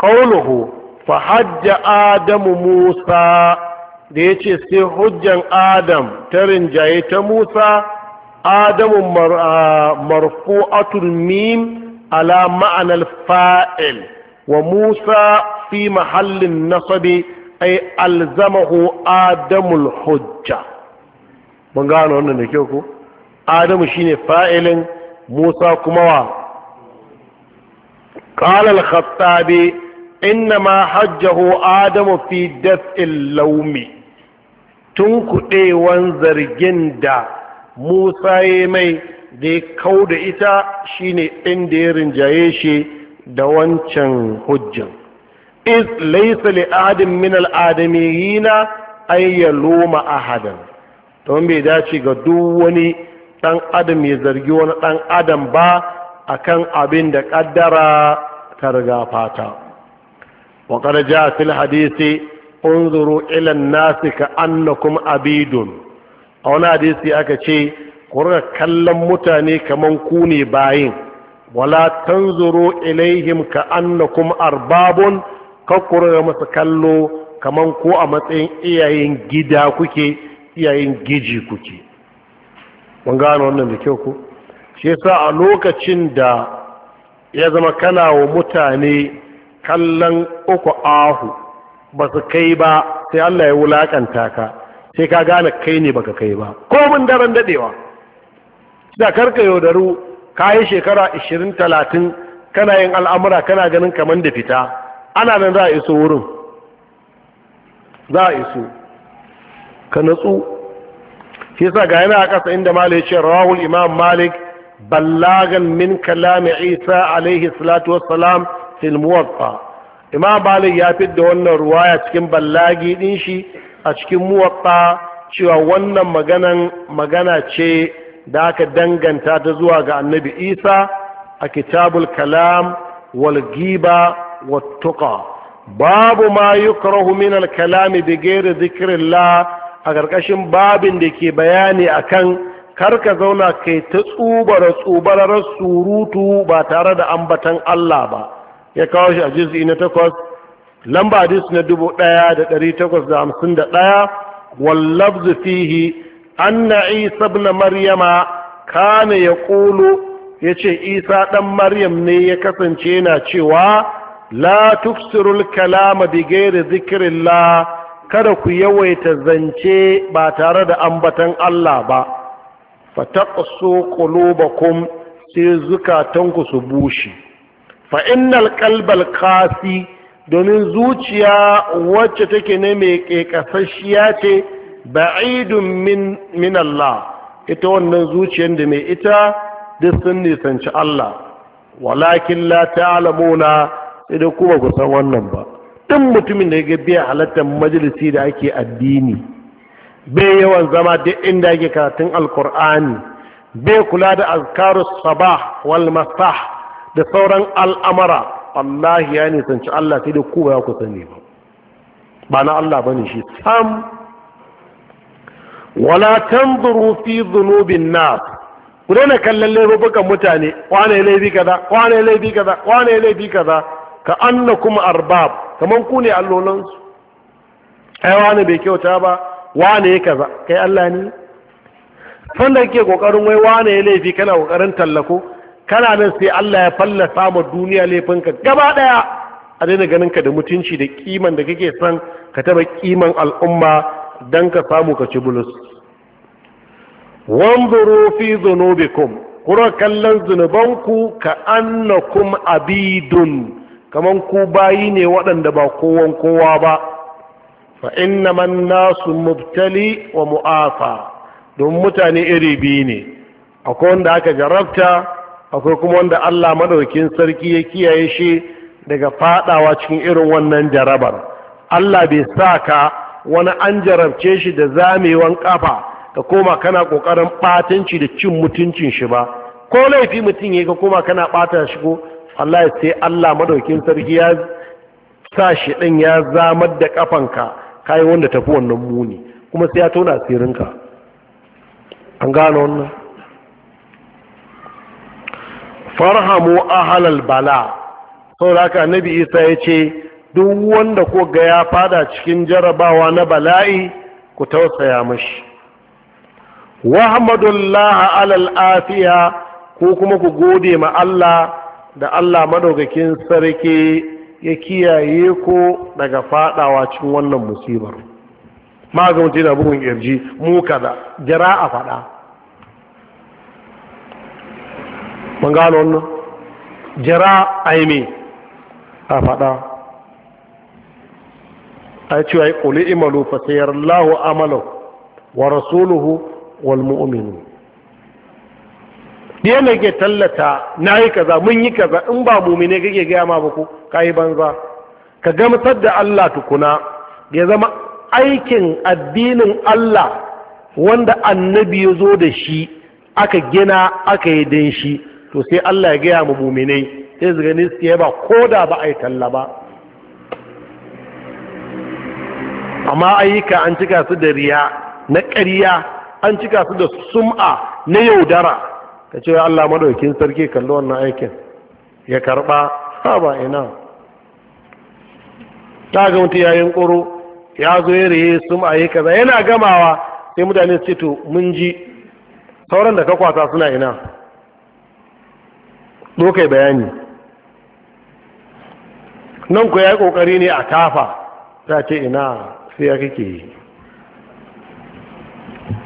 qawluhu fa hajja adamu musa da yace sai hujjan adam ta rinjaye ta musa adamu marfu'atul mim ala ma'anar fa'il wa musa fi mahallin nasabi ai alzamahu adamul hujja mun gano wannan da kyau ko adamu shine fa'ilin musa kuma wa قال الخطابي إنما adamu fi في دفء Tun تنكتي zargin da. musa ya mai da kau da ita shine inda ya rinjaye shi da wancan hujjan is laisa li adin min al'adamiyina ay yaluma ahadan don bai dace ga duk wani ɗan adam ya zargi wani ɗan adam ba akan abin da ƙaddara ta riga fata Waƙar ja fil hadisi unzuru ilan nasi ka annakum abidun a wani hadisi aka ce kura kallon mutane kaman ku ne bayin wala tanzuru ilaihim ka annakum arbabun ka kura masa kallo kaman ko a matsayin iyayen gida kuke iyayen giji kuke mun gano wannan da kyau ku shi yasa a lokacin da ya zama kana wa mutane kallon uku ahu ba su kai ba sai Allah ya wulakanta ka sai ka gane kai ne baka kai ba komin daren dadewa da karka yaudaru ka yi shekara 20-30 kana yin al'amura kana ganin kamar da fita ana nan za a iso wurin za a iso ka natsu shi sa ga yana a ƙasa inda malik ya ce rahul imam malik ballagan min kalami isa alaihi salatu wassalam fil imam malik ya fi da wannan ruwaya cikin ballagi din shi a cikin muwatta cewa wannan maganan magana ce da aka danganta ta zuwa ga annabi isa a kitabul kalam wal giba wattuka babu ma yukrahu min al kalami bi zikirin la a ƙarƙashin babin da ke bayani akan karka zauna kai ta tsubara tsubarar surutu ba tare da ambatan Allah ba ya kawo shi a juz'i na takwas lamba hadis na dubu ɗaya da ɗari takwas da hamsin da ɗaya wallabzu fihi anna isa na maryama kana ya ƙulu ya ce isa ɗan maryam ne ya kasance na cewa la tufsirul kalama bi gairi zikirillah kada ku yawaita zance ba tare da ambatan Allah ba fa ba qulubakum sai zukatanku su bushe fa innal qalbal qasi domin zuciya wacce take ne mai ƙeƙasashiya ce ba'idun min Allah ita wannan zuciyar da mai ita duk sun nisanci Allah walakin la ta'lamuna idan kuma ku san wannan ba duk mutumin da ya biya halattar majalisi da ake addini bai yawan zama duk inda ake karatun alkur'ani bai kula da azkarus sabah wal masah da sauran al'amara Allah ya nisanci Allah sai da kowa ya ku sani ba ba na Allah bane shi sam wala tanzuru fi dhunubin nas ku daina kallon laifukan mutane wane laifi kaza wane laifi kaza wane laifi kaza ka annakum arbab kaman ku ne allolansu ai wane bai kyauta ba wane kaza kai Allah ne sanda kake kokarin wai wane laifi kana kokarin tallako kana nan sai Allah ya fallasa ma duniya laifinka gaba daya a daina ganinka da mutunci da kiman da kake son ka taba kiman al'umma dan ka samu ka ci bulus wanzuru fi dhunubikum kura kallon zunubanku ka annakum abidun Kamar ku bayi ne waɗanda ba kowan kowa ba fa man nasu mubtali wa mu'afa don mutane iri biyu ne akwai wanda aka jarabta akwai kuma wanda Allah madaukin sarki ya kiyaye shi daga fadawa cikin irin wannan jarabar Allah bai sa ka wani an jarabce shi da zamewan kafa ka koma kana kokarin batanci da cin mutuncin shi ba ko laifi mutum ya ka koma kana bata shi ko Allah sai Allah madaukin sarki ya sa shi din ya zamar da kafanka kai wanda tafi wannan muni kuma sai ya tona sirrinka an gano wannan farhamu ahalal bala saboda haka annabi isa ya ce duk wanda ko ga ya fada cikin jarabawa na bala'i ku tausaya mashi wahmadullah alal afiya ko kuma ku gode ma Allah da Allah madaukakin sarki ya kiyaye ku daga fadawa cikin wannan musibar magaunci da bugun irji mu kaza jira a fada mun gano wannan jira a yi mai a faɗa a cewa yi ƙuli imalu fasayar lahu amalau wa rasuluhu wal mu'minu da yana ke tallata na yi kaza mun yi kaza in ba mumine kake gaya ma ba ku ka yi banza ka gamsar da Allah tukuna ya zama aikin addinin Allah wanda annabi ya zo da shi aka gina aka yi don shi to sai Allah ya gaya mu muminai sai su gani su ba ko da ba a yi talla ba amma ayyuka an cika su da riya na ƙarya an cika su da sum'a na yaudara ka ce Allah madaukin sarki kallo wannan aikin ya karba ha ba ina ta ga mutum yayin ƙoro ya zo ya riye sum'a ya kaza yana gamawa sai mutane su ce to mun ji sauran da ka kwasa suna ina Dokai bayani nan ku ya yi kokari ne a kafa ta ce ina sai ya kake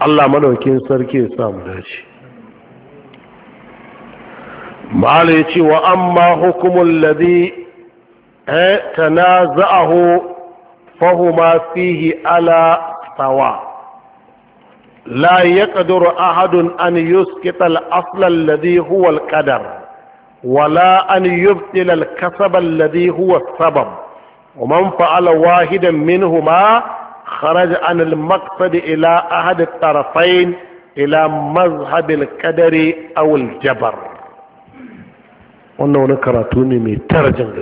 Allah madaukin sarki ya samu dace malai ce wa amma ma hukumun lade eh, ya tana fahuma fihi ala tawa. la ya ƙaduru ahadun an yi suke tal'aflar lade huwal ƙadar ولا أن يبطل الكسب الذي هو السبب ومن فعل واحدا منهما خرج عن المقصد إلى أحد الطرفين إلى مذهب القدر أو الجبر ونحن نكراتوني من ترجم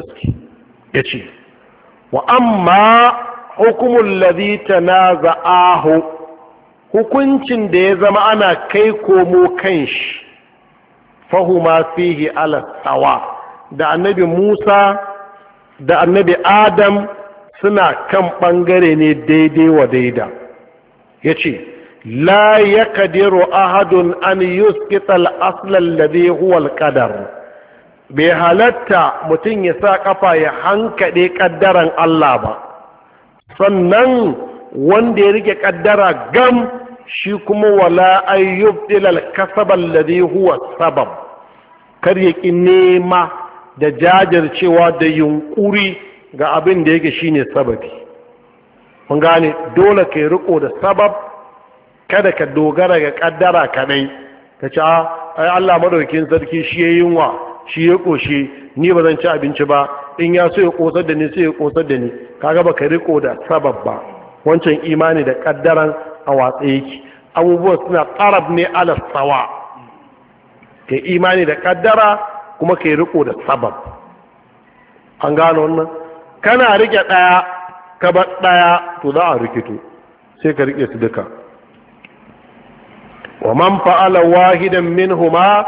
وأما حكم الذي تنازعه حكم تنديز معنا كيكو موكنش fahuma fihi ala da annabi musa da annabi adam suna kan ɓangare ne daidai wa daida ya ce la ya kadiru ahadun an yuskital aslan lade huwal kadar bai halatta mutum ya sa kafa ya hankaɗe ƙaddaran allah ba sannan wanda ya rike ƙaddara gam shi kuma wala ayyub ilal kasabal ladhi huwa sabab kar ya ki nema da jajircewa da yunkuri ga abin da yake shine sababi mun gane dole kai riko da sabab kada ka dogara ga kaddara kadai ka ce ah, ai Allah madaukakin sarki shi yayin yunwa shi ya koshi ni ba zan ci abinci ba in ya so ya kosar da ni sai ya kosar da ni kaga ba ka riko da sabab ba wancan imani da kaddaran a watsa yake abubuwan suna tsarab ne ala Ke imani da kaddara kuma ke riko da sabab an gano wannan kana rike ɗaya ka bar ɗaya to za a rikito sai ka rike su duka wa man fa'ala wahidan minhuma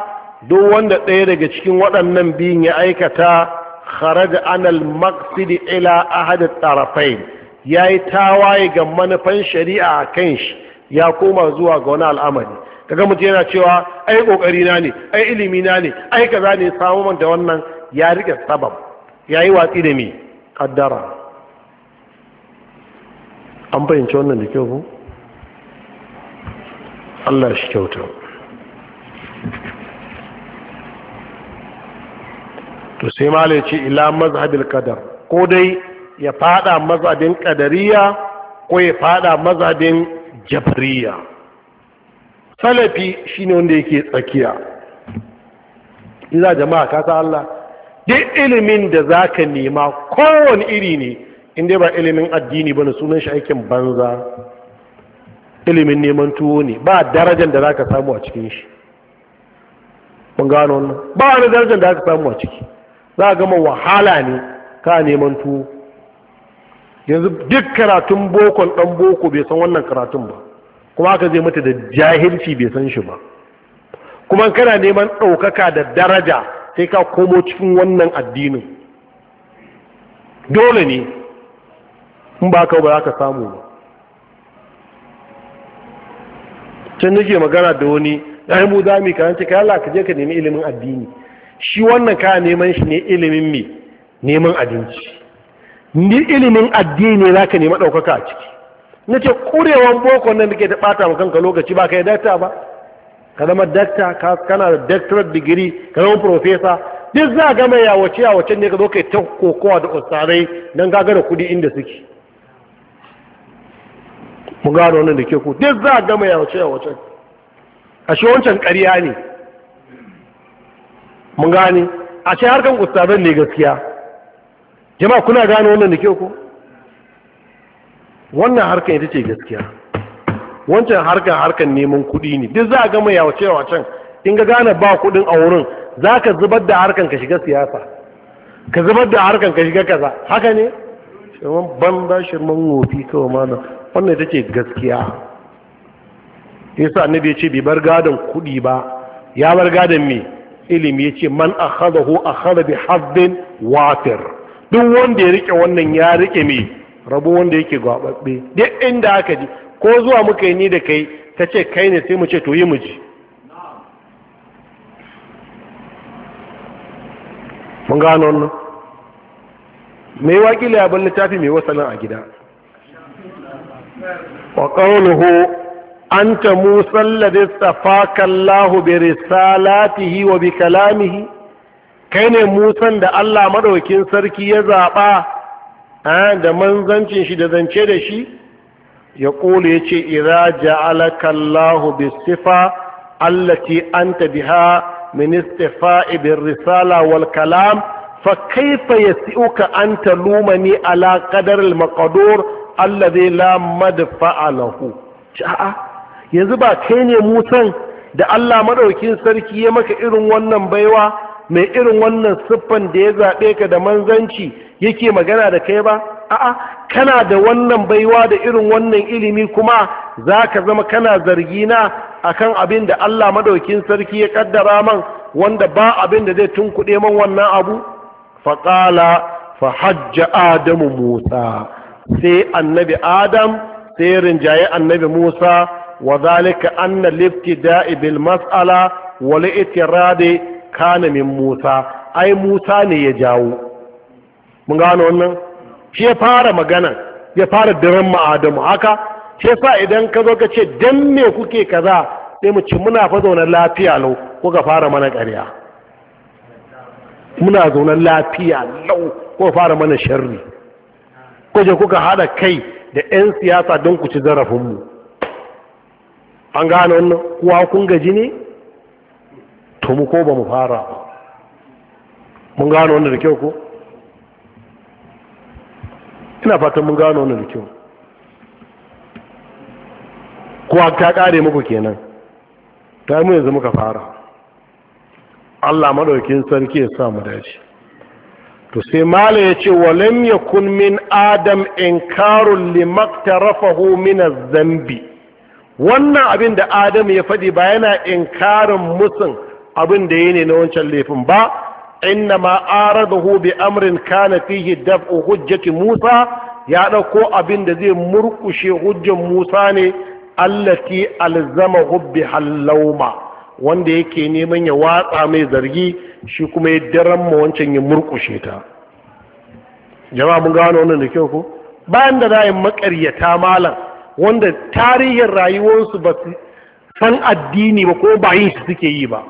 duk wanda ɗaya daga cikin waɗannan biyun ya aikata kharaja anal maqsid ila ahad at-tarafayn ya yi tawaye ga manufan shari'a a kan shi ya koma zuwa ga wani al'amari kaga mutum yana cewa ai kokari na ne ai ilimi na ne ai kaza ne samu man da wannan ya rike sabab ya yi watsi da me kaddara an fahimci wannan da kyau ko Allah shi kyauta to sai malai ce ila mazhabil qadar ko dai ya fada mazabin kadariya ko ya fada mazabin jabariya salafi shine wanda yake tsakiya ina jama'a ka san Allah duk ilimin da zaka nema kowane iri ne inda ba ilimin addini ba ne sunan shi aikin banza ilimin neman tuwo ne ba darajar da zaka samu a cikin shi mun gano wannan ba wani darajar da zaka samu a ciki za a gama wahala ne ka neman tuwo yanzu duk karatun bokon dan boko bai san wannan karatun ba kuma aka zai mata da jahilci bai san shi ba kuma kana neman ɗaukaka da daraja sai ka komo cikin wannan addinin dole ne in ba ka ba za ka samu ba can nake magana da wani ya mu za mu kayan ka yalla ka je ka nemi ilimin addini shi wannan kaya neman shi ne ilimin mai neman abinci ni ilimin addini za ka nemi ɗaukaka a ciki na ce ƙurewan boko nan da ke ta ɓata wa kanka lokaci ba ka yi dakta ba ka zama dakta kana da doctorate degree ka zama profesa duk za ga mai yawace yawace ne ka zo kai ta kokowa da ustarai don gaga da kuɗi inda suke mu gano wannan da ke ku duk za ga mai yawace yawace ashe wancan ƙarya ne mun gane ashe harkan ustazan ne gaskiya jama'a kuna gano wannan da ke ko wannan harkar ita ce gaskiya wancan harkar harkar neman kuɗi ne duk za a gama cewa can, in ga gane ba kuɗin a wurin za ka zubar da harkar ka shiga siyasa ka zubar da harkar ka shiga kaza haka ne shirman banza shirman wofi kawai mana wannan ita ce gaskiya yasa annabi ya ce bai bar gadon kuɗi ba ya bar gadon me ilimi ya ce man akhadahu akhadha bi haddin wafir duk wanda ya rike wannan ya rike me rabo wanda yake gwababbe duk inda aka ji ko zuwa muka yi ni da kai ta ce kai ne sai mu ce to yi mu ji mun gano wannan mai wakili abin littafi mai nan a gida wa an ta musan ladista bi risalatihi wa bi kalamihi kai ne musan da Allah maɗaukin sarki ya zaɓa da manzancin shi da zance da shi ya ƙole ya ce ira ja'alaka bi sifa allati anta biha min istifa'i bir risala wal kalam fa kaifa yasi'uka anta lumani ala qadar al maqdur alladhi la madfa'a lahu ja'a yanzu ba kai ne musan da Allah madaukin sarki ya maka irin wannan baiwa mai irin wannan siffan da ya zaɓe ka da manzanci yake magana da kai ba a'a kana da wannan baiwa da irin wannan ilimi kuma za ka zama kana zargi na akan abin da Allah madaukin sarki ya kaddara man wanda ba abin da zai tunkuɗe man wannan abu faƙala fa hajja adamu musa sai annabi adam sai rinjaye annabi musa wa zalika anna liftida'i bil mas'ala wal itirade kana min Musa ai Musa ne ya jawo mun gano wannan shi ya fara magana ya fara diran mu Adamu haka shi yasa idan ka zo ka ce dan me kuke kaza sai mu ci muna fa zauna lafiya lau kuka fara mana ƙarya muna zauna lafiya lau ko fara mana sharri ko je kuka hada kai da 'yan siyasa don ku ci zarafinmu an gano wannan kuwa kun gaji ne to mu ko ba mu fara ba mun gano wannan da kyau ko ina fatan mun gano wannan da kyau a ta kare muku kenan ta mu yanzu muka fara Allah madaukin sarki ya sa mu dace to sai mala ya ce walam yakun min adam inkarun limaktarafahu min az-zambi wannan abin da adam ya faɗi ba yana inkarin musun abin da ya yake na wancan laifin ba innama aradahu bi amrin kana fihi daf'u hujjati Musa ya dauko abin da zai murkushe hujjan Musa ne allati alzama hubbi hallauma wanda yake neman ya watsa mai zargi shi kuma ya daran ma wancan ya murkushe ta jama'a mun gano wannan da kyau ko bayan da za makaryata malam wanda tarihin rayuwarsu ba san addini ba ko ba su suke yi ba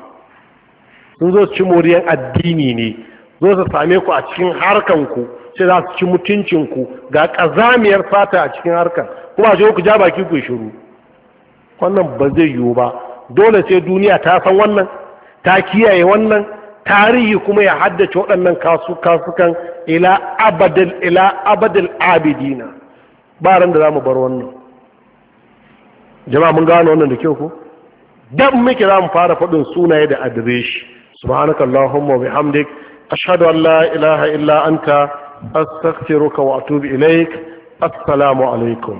sun zo su ci moriyan addini ne zo su same ku a cikin harkan ku sai za su ci mutuncin ku ga ƙazamiyar fata a cikin harkan kuma a ku ja baki ku shiru wannan ba zai yiwu ba dole sai duniya ta san wannan ta kiyaye wannan tarihi kuma ya haddace waɗannan kasu kasukan ila abadil ila abadil abidina ba ran da zamu bar wannan jama'a mun gano wannan da kyau ko dan muke zamu fara faɗin sunaye da adireshi subhanaka allahumma bihamdik ashhadu an la ilaha illa anta astaghfiruka wa atubu ilaik assalamu alaikum